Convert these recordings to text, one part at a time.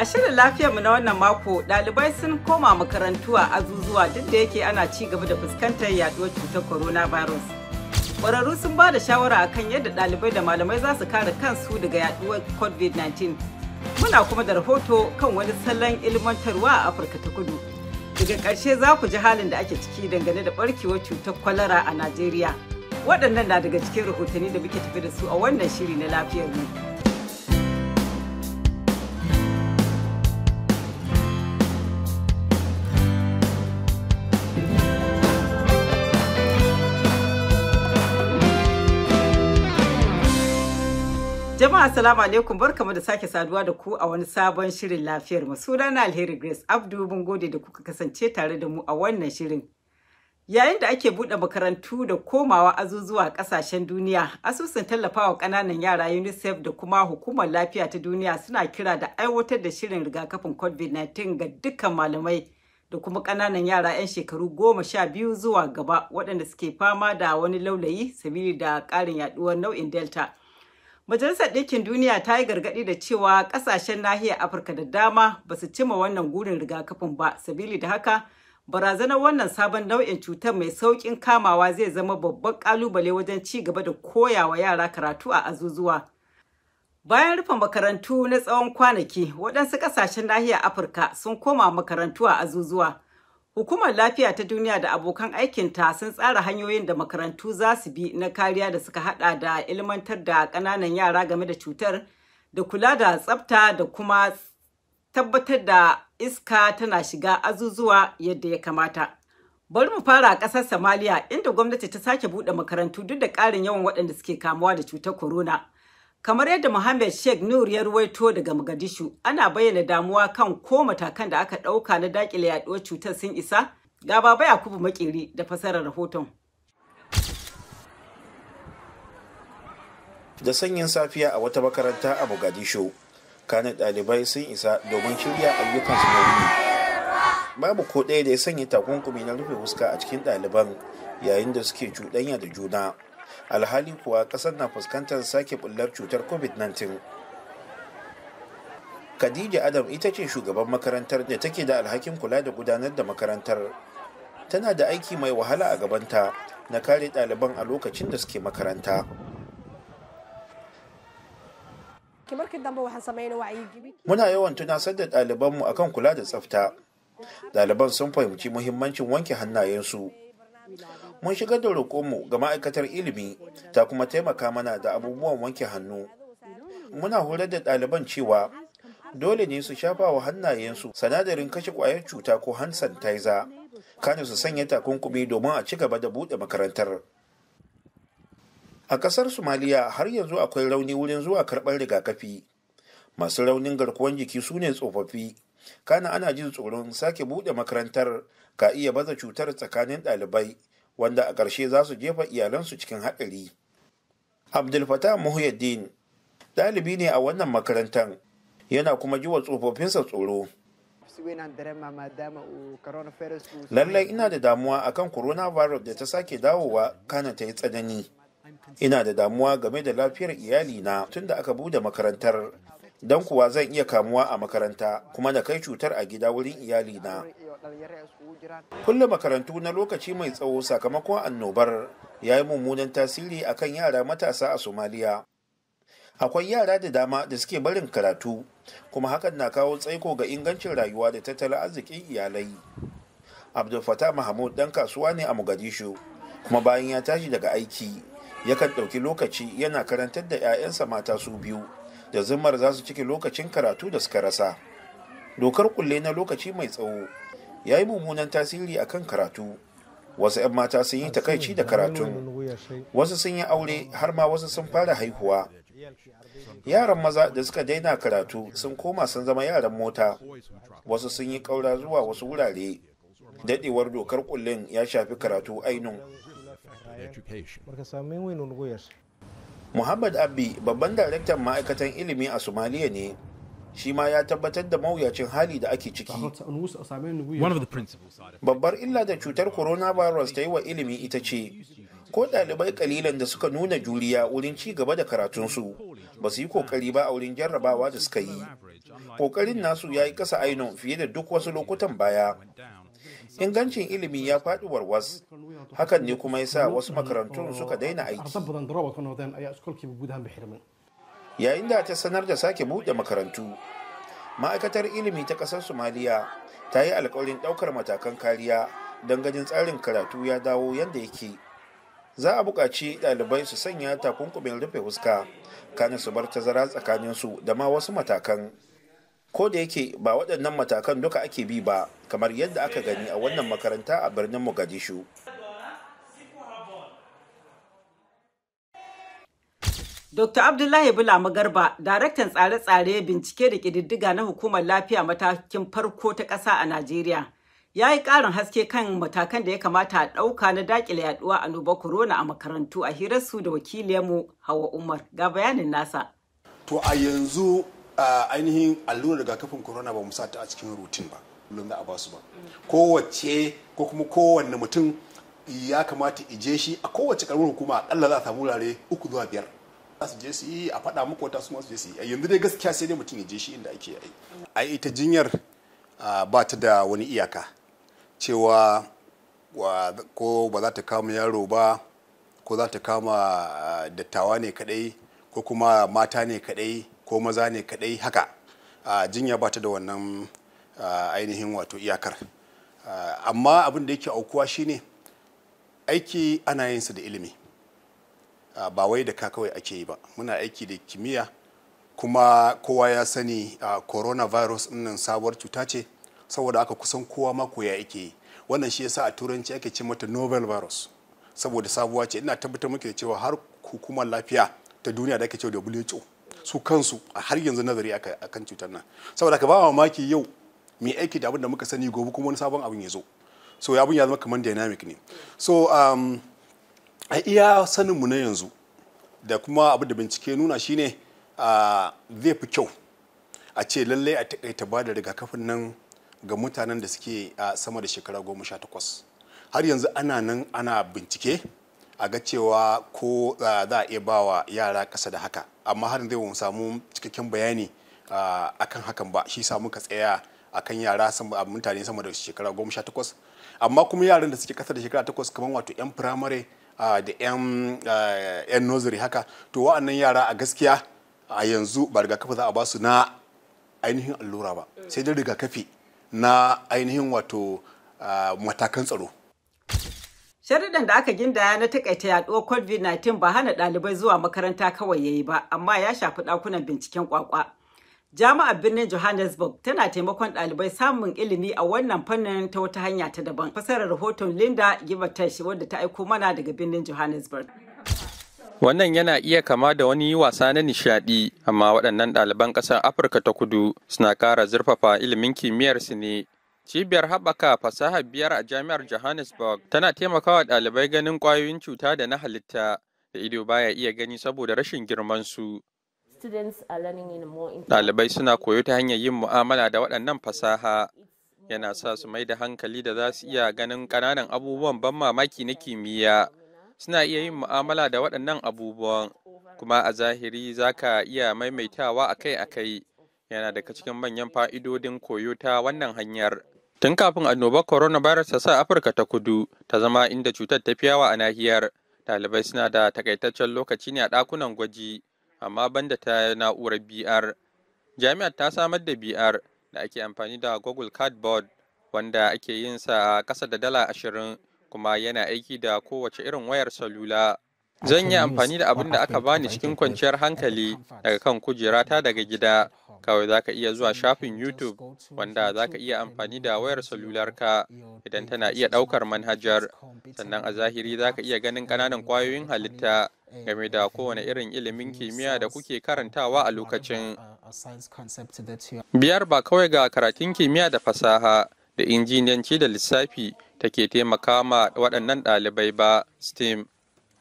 A shirin lafiyarmu na wannan mako ɗalibai sun koma makarantu a azuzuwa duk da yake ana ci gaba da fuskantar yaduwar cutar corona virus Ƙwararru sun ba da shawara akan yadda ɗalibai da malamai za su kare kansu daga yaduwar COVID-19. Muna kuma da rahoto kan wani salon ilmantarwa a Afirka ta Kudu. Daga ƙarshe za ku ji halin da ake ciki dangane da ɓarkewar cutar kwalara a Najeriya. Waɗannan na daga cikin rahotanni da muke tafi da su a wannan shiri na lafiyar mu. Jama'a salamu alaikum barkamu da sake saduwa da ku a wani sabon shirin lafiyar mu. Sunana Alheri Grace Abdu mun gode da kuka kasance tare da mu a wannan shirin. Yayin da ake buɗe makarantu da komawa azuzuwa ƙasashen duniya, asusun tallafawa ƙananan yara UNICEF da kuma hukumar lafiya ta duniya suna kira da aiwatar da shirin rigakafin COVID-19 ga dukkan malamai da kuma ƙananan yara 'yan shekaru goma sha biyu zuwa gaba waɗanda suke fama da wani laulayi sabili da ƙarin yaɗuwar nau'in Delta. Majalisar Ɗinkin Duniya ta yi gargaɗi da cewa ƙasashen nahiyar Afirka da dama ba su cima wannan gurin rigakafin ba, sabili da haka barazanar wannan sabon nau'in cutar mai sauƙin kamawa zai zama babban ƙalubale wajen ci gaba da koyawa yara karatu a azuzuwa. Bayan rufe makarantu na tsawon kwanaki, waɗansu ƙasashen nahiyar Afirka sun koma makarantu a azuzuwa. Hukumar Lafiya ta Duniya da abokan aikinta sun tsara hanyoyin da makarantu za su bi na kariya da suka hada da ilmantar da ƙananan yara game da cutar da kula da tsafta da kuma tabbatar da iska tana shiga azuzuwa yadda ya kamata. Bari mu fara a ƙasar Somalia inda gwamnati ta sake buɗe makarantu duk da ƙarin yawan waɗanda suke kamuwa da cutar corona. Kamar yadda Mohammed Sheikh Nur ya ruwaito daga Mogadishu, ana bayyana damuwa kan ko matakan da aka ɗauka na daƙile yaɗuwar cutar sun isa, ga Baba Yakubu Makiri da fasarar rahoton. Da sanyin safiya a wata makaranta a Mogadishu, kanin ɗalibai sun isa domin shirya ayyukansu na wuni. babu ko ɗaya da ya sanya takunkumi na rufe fuska a cikin ɗaliban yayin da suke cuɗanya da juna alhali kuwa kasar na fuskantar sake bullar cutar covid-19 khadija adam ita ce shugaban makarantar da take da alhakin kula da gudanar da makarantar tana da aiki mai wahala a gabanta na kare ɗaliban a lokacin da suke makaranta muna yawan tunasar da ɗalibanmu akan kula da tsafta ɗaliban sun fahimci muhimmancin wanke hannayensu mun shiga da roƙonmu ga ma'aikatar ilimi ta kuma taimaka mana da abubuwan wanke hannu muna horar da ɗaliban cewa dole ne su shafa wa hannayensu sanadarin kashe ƙwayar cuta ko hand sanitizer kane su sanya takunkumi domin a ci gaba da buɗe makarantar a ƙasar somaliya har yanzu akwai rauni wurin zuwa karɓar rigakafi masu raunin garkuwar jiki su ne tsofaffi kana ana jin tsoron sake buɗe makarantar ka iya baza cutar tsakanin ɗalibai wanda a ƙarshe za su jefa iyalansu cikin haɗari abdul fatah muhyiddin ɗalibi ne a wannan makarantar yana kuma jiwa tsofaffinsa tsoro lallai ina da damuwa akan coronavirus da ta sake dawowa kana ta yi tsanani ina da damuwa game da lafiyar iyalina tun da aka bude makarantar don kuwa zan iya kamuwa a makaranta kuma na kai cutar a gida wurin iyalina Kullum makarantu na lokaci mai tsawo sakamakon annobar ya yi mummunan tasiri akan yara matasa a somaliya akwai yara da dama da suke barin karatu kuma hakan na kawo tsaiko ga ingancin rayuwa da tattalin arzikin iyalai abdul fatah mahmud dan kasuwa ne a mogadishu kuma bayan ya tashi daga aiki yakan ɗauki lokaci yana karantar da 'ya'yansa mata su biyu da zimmar za su cike lokacin karatu da suka rasa dokar kulle na lokaci mai tsawo ya yi mummunan tasiri a kan karatu wasu 'yan mata sun yi takaici da karatun wasu sun yi aure har ma wasu sun fara haihuwa yaran maza da suka daina karatu sun koma sun zama yaran mota wasu sun yi ƙaura zuwa wasu wurare daɗewar dokar kullin ya shafi karatu ainihin muhammad abbi babban daraktan ma'aikatan ilimi a somaliya ne shi ma ya tabbatar da mawuyacin hali da ake ciki. Babbar illa da cutar coronavirus ta yi wa ilimi ita ce, ko ɗalibai kalilan da suka nuna juriya wurin ci gaba da karatunsu ba su yi kokari ba a wurin jarrabawa da suka yi. Kokarin nasu ya yi ƙasa ainihin fiye da duk wasu lokutan baya, ingancin ilimi ya faɗi warwas hakan ne kuma ya sa wasu makarantun suka daina aiki yayin da ta sanar da sake buɗe makarantu ma'aikatar ilimi ta ƙasar somaliya ta yi alkawarin ɗaukar matakan kariya don ganin tsarin karatu ya dawo yadda yake za a buƙaci ɗalibai su sanya takunkumin rufe fuska kana su bar tazara tsakaninsu da ma wasu matakan ko da yake ba waɗannan matakan duka ake bi ba kamar yadda aka gani a wannan makaranta a birnin mogadishu Dr. Abdullahi Bula Magarba, daraktan tsare-tsare bincike da ƙididdiga na hukumar lafiya matakin farko ta ƙasa a Najeriya, ya yi ƙarin haske kan matakan da ya kamata a ɗauka na daƙile yaɗuwa nuba corona a makarantu a hirarsu da wakiliyarmu Hawa Umar ga bayanin nasa. To a yanzu ainihin allurar rigakafin corona ba mu sa ta a cikin rutin ba kullum za a ba ba mm. kowace ko kuma kowanne mutum ya kamata ije shi a kowace karamar hukuma akalla za a samu wurare uku zuwa biyar za su je su yi a faɗa muku wata su je su yi yanzu dai gaskiya sai dai mutum ya je shi inda ake yi ai ita jinyar ba ta da wani iyaka cewa ko ba za ta kama yaro ba ko za ta kama dattawa ne kadai ko kuma mata ne kadai ko maza ne kadai haka a jinya ba ta da wannan ainihin wato iyakar amma abin da yake aukuwa shine aiki ana yin sa da ilimi ba wai da ka kawai ake yi ba muna aiki da kimiyya kuma kowa ya sani coronavirus nan sabuwar cuta ce saboda aka kusan kowa mako ya ake yi wannan shi yasa a turanci ake ce mata novel virus saboda sabuwa ce ina tabbatar muke cewa har hukumar lafiya ta duniya da ake cewa WHO su kansu a har yanzu nazari akan cutar nan saboda ka ba mamaki yau mai aiki da abin da muka sani gobe kuma wani sabon abin ya zo so abin ya zama kamar dynamic ne so um, a iya saninmu na yanzu da kuma abin da bincike nuna shine zai fi kyau a ce lallai a takaita ba da rigakafin nan ga mutanen da suke sama da shekara goma sha takwas har yanzu ana nan ana bincike a ga cewa ko ah, za a iya ba wa yara kasa da haka amma har zai mu samu cikakken bayani ah, akan hakan ba shi sa muka tsaya kan yara a ah, mutane sama da shekara goma sha takwas amma kuma yaran da suke kasa da shekara takwas kamar wato 'yan firamare da 'yan nursery haka to wa'annan yara a gaskiya a yanzu ba rigakafi za a basu na ainihin allura ba sai dai rigakafi na ainihin wato matakan tsaro Sharuɗan da aka gindaya na takaita yaɗuwar COVID-19 ba hana ɗalibai zuwa makaranta kawai yayi ba, amma ya shafi ɗakunan binciken kwakwa. Jami'ar birnin Johannesburg tana taimakon ɗalibai samun ilimi a wannan fannin ta wata hanya ta daban. Fasarar rahoton Linda Givertash wadda ta aiko mana daga birnin Johannesburg. Wannan yana iya kama da wani wasa na nishaɗi, amma waɗannan ɗaliban ƙasar Afirka ta kudu suna ƙara zurfafa ilimin kimiyyar su ne Cibiyar haɓaka fasaha biyar a Jami'ar Johannesburg tana taimakawa ɗalibai ganin ƙwayoyin cuta da na halitta da ido baya iya gani saboda rashin girman girmansu. Ɗalibai suna koyo ta hanyar yin mu'amala da waɗannan fasaha. Yana sa su mai da hankali da za su iya ganin ƙananan abubuwan ban mamaki na kimiyya. Suna iya yin mu'amala da waɗannan abubuwan, kuma a zahiri za ka iya maimaitawa akai-akai. Yana daga cikin manyan fa'idodin koyo ta wannan hanyar. Tun kafin annobar coronavirus ta sa Afirka ta kudu ta zama inda cutar ta yawa a nahiyar, ɗalibai suna da takaitaccen lokaci ne a ɗakunan gwaji, amma banda ta na'urar BR. Jami'ar ta samar da BR da ake amfani da Google Cardboard wanda ake yin sa a ƙasa da dala ashirin kuma yana aiki da kowace irin wayar salula. Zan yi amfani da abin da aka bani cikin kwanciyar hankali daga kan kujerata daga gida. Kawai za ka iya zuwa shafin YouTube wanda za ka iya amfani da wayar salularka idan tana iya ɗaukar manhajar. Sannan a zahiri za ka iya ganin ƙananan kwayoyin halitta game da kowane irin ilimin kimiyya da kuke karantawa a lokacin. Uh, Biyar ba kawai ga karatun kimiyya da fasaha da injiniyanci da lissafi take taimaka ma waɗannan ɗalibai ba STEAM.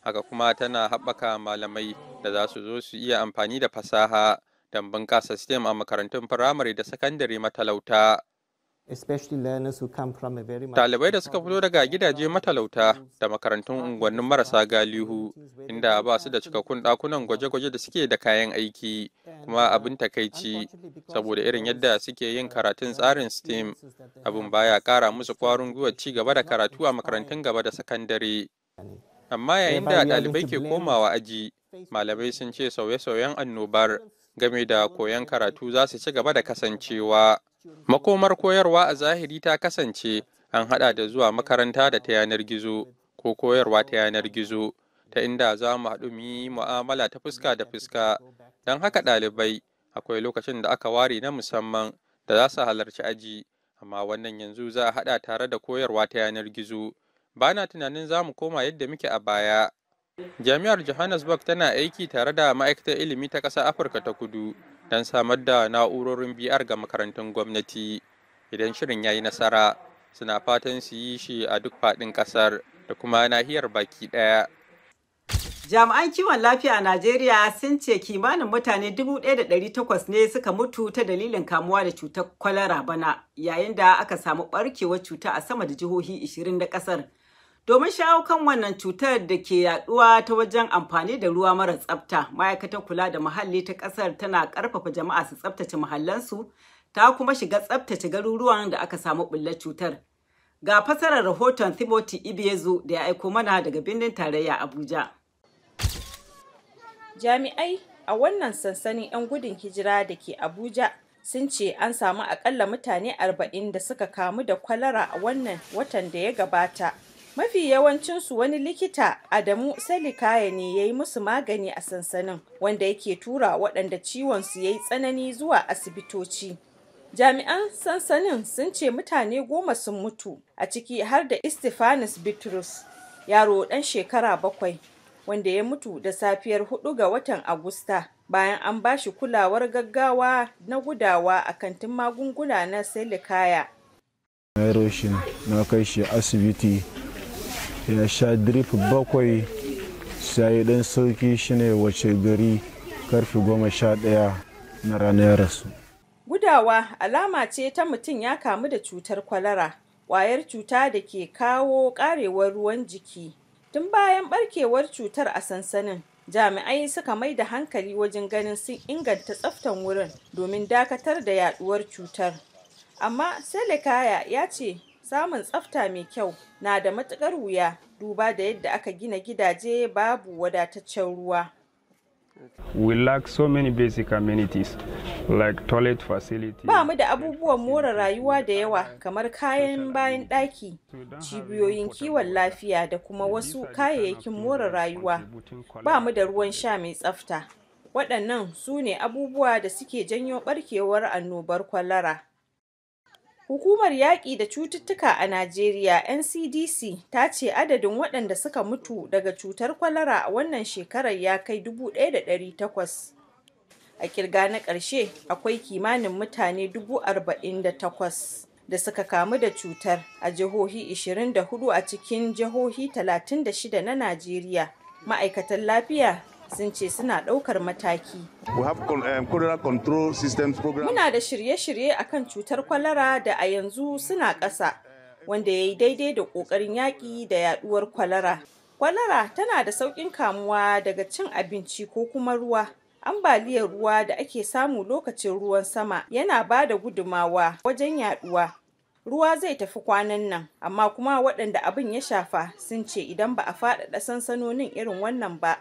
haka kuma tana haɓaka malamai da za su zo su iya amfani da fasaha don bunƙasa STEM a makarantun firamare da sakandare matalauta. Talibai da suka fito daga gidaje matalauta da makarantun unguwannin marasa galihu inda ba su da cikakkun ɗakunan gwaje-gwaje da suke da kayan aiki kuma abin takaici saboda irin yadda suke yin karatun tsarin STEM abin baya ƙara musu ƙwarin gwiwa ci gaba da karatu a makarantun gaba da sakandare. amma yayin da dalibai ke komawa aji malamai sun ce sauye-sauyen annobar game da koyon karatu za su ci gaba da kasancewa makomar koyarwa a zahiri ta kasance an hada da zuwa makaranta da ta yanar gizo ko koyarwa ta yanar gizo ta inda za mu haɗu mu yi mu'amala ta fuska da fuska don haka ɗalibai akwai lokacin da aka ware na musamman da za su halarci aji amma wannan yanzu za a haɗa tare da koyarwa ta yanar gizo ba na tunanin za mu koma yadda muke a baya jami'ar johannesburg tana aiki tare da ma'aikatar ilimi ta ƙasa afirka ta kudu don samar da na'urorin biyar ga makarantun gwamnati idan shirin ya yi nasara suna fatan su yi shi a duk faɗin ƙasar da kuma nahiyar baki ɗaya jami'an kiwon lafiya a najeriya sun ce kimanin mutane dubu ɗaya da ɗari takwas ne suka mutu ta dalilin kamuwa da cutar kwalara bana yayin da aka samu ɓarkewar cuta a sama da jihohi 20 na ƙasar Domin shawo kan wannan cutar da ke yaduwa ta wajen amfani da ruwa mara tsafta, ma'aikatar kula da muhalli ta kasar tana karfafa jama'a su tsaftace muhallansu, ta kuma shiga tsaftace garuruwan da aka samu bullar cutar. Ga fasarar rahoton Timothy ibezu da ya aiko mana daga birnin tarayya Abuja. Jami'ai a wannan sansanin 'yan gudun hijira da ke Abuja sun ce an samu akalla mutane 40 da suka kamu da kwalara a wannan watan da ya gabata. Mafi yawancinsu wani likita Adamu Salikaya ne ya yi musu magani a sansanin wanda yake tura waɗanda ciwonsu ya yi tsanani zuwa asibitoci. Jami'an sansanin sun ce mutane goma sun mutu a ciki har da Istifanus Bitrus yaro ɗan shekara bakwai wanda ya mutu da safiyar huɗu ga watan Agusta bayan an ba shi kulawar gaggawa na gudawa a kantin magunguna na Selikaya. Na roshin na kai shi asibiti ya sha drip bakwai sai dan sauki shine wace gari karfi goma sha daya na ranar rasu gudawa alama ce ta mutum ya kamu da cutar kwalara wayar cuta da ke kawo ƙarewar ruwan jiki tun bayan barkewar cutar a sansanin jami'ai suka mai da hankali wajen ganin sun inganta tsaftan wurin domin dakatar da yaduwar cutar amma selekaya ya ce samun tsafta mai kyau na da matuƙar wuya duba da yadda aka gina gidaje babu wadataccen ruwa. We lack so many basic amenities like toilet facilities. Ba mu da abubuwan more rayuwa da yawa kamar kayan bayan ɗaki, cibiyoyin kiwon lafiya da kuma wasu kayayyakin more rayuwa. Ba mu da ruwan sha mai tsafta. Waɗannan su ne abubuwa da suke janyo ɓarkewar annobar kwalara. Hukumar Yaƙi da Cututtuka a Najeriya (NCDC) ta ce adadin waɗanda suka mutu daga cutar kwalara a wannan shekarar ya kai 1,800. A ƙirga na ƙarshe, akwai kimanin mutane 48,000 da suka kamu da cutar a jihohi 24 a cikin jihohi 36 na Najeriya. Ma'aikatan lafiya sun ce suna ɗaukar mataki. Um, Muna da shirye-shirye akan cutar kwalara da a yanzu suna ƙasa, wanda ya yi daidai da ƙoƙarin yaƙi da yaɗuwar kwalara. Kwalara tana da sauƙin kamuwa daga cin abinci ko kuma ruwa. ambaliyar ruwa da ake samu lokacin ruwan sama yana ba da gudumawa wajen yaɗuwa. ruwa zai tafi kwanan nan amma kuma waɗanda abin ya shafa sun ce idan ba a faɗaɗa sansanonin irin wannan ba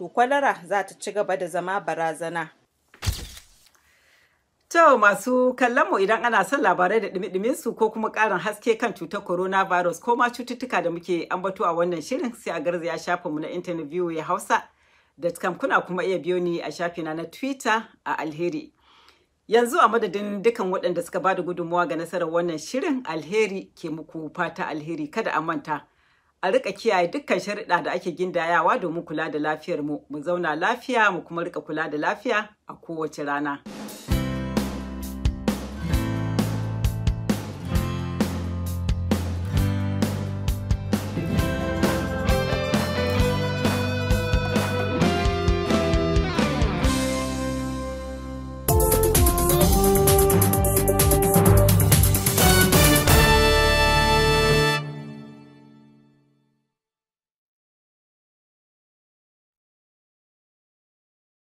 to kwalara za ta ci gaba da zama barazana. To masu kallon mu idan ana son labarai da dumi su ko kuma ƙarin haske kan cutar coronavirus ko ma cututtuka da muke ambato a wannan shirin sai a garza ya shafa mu na intanet ya hausa da kuna kuma iya biyo ni a shafina na twitter a alheri. Yanzu a madadin dukan waɗanda suka ba da gudunmawa ga nasarar wannan shirin alheri ke muku fata alheri kada a manta. a rika kiyaye dukkan sharuɗa da ake gindayawa domin kula da lafiyar mu mu zauna lafiya mu kuma rika kula da lafiya a kowace rana.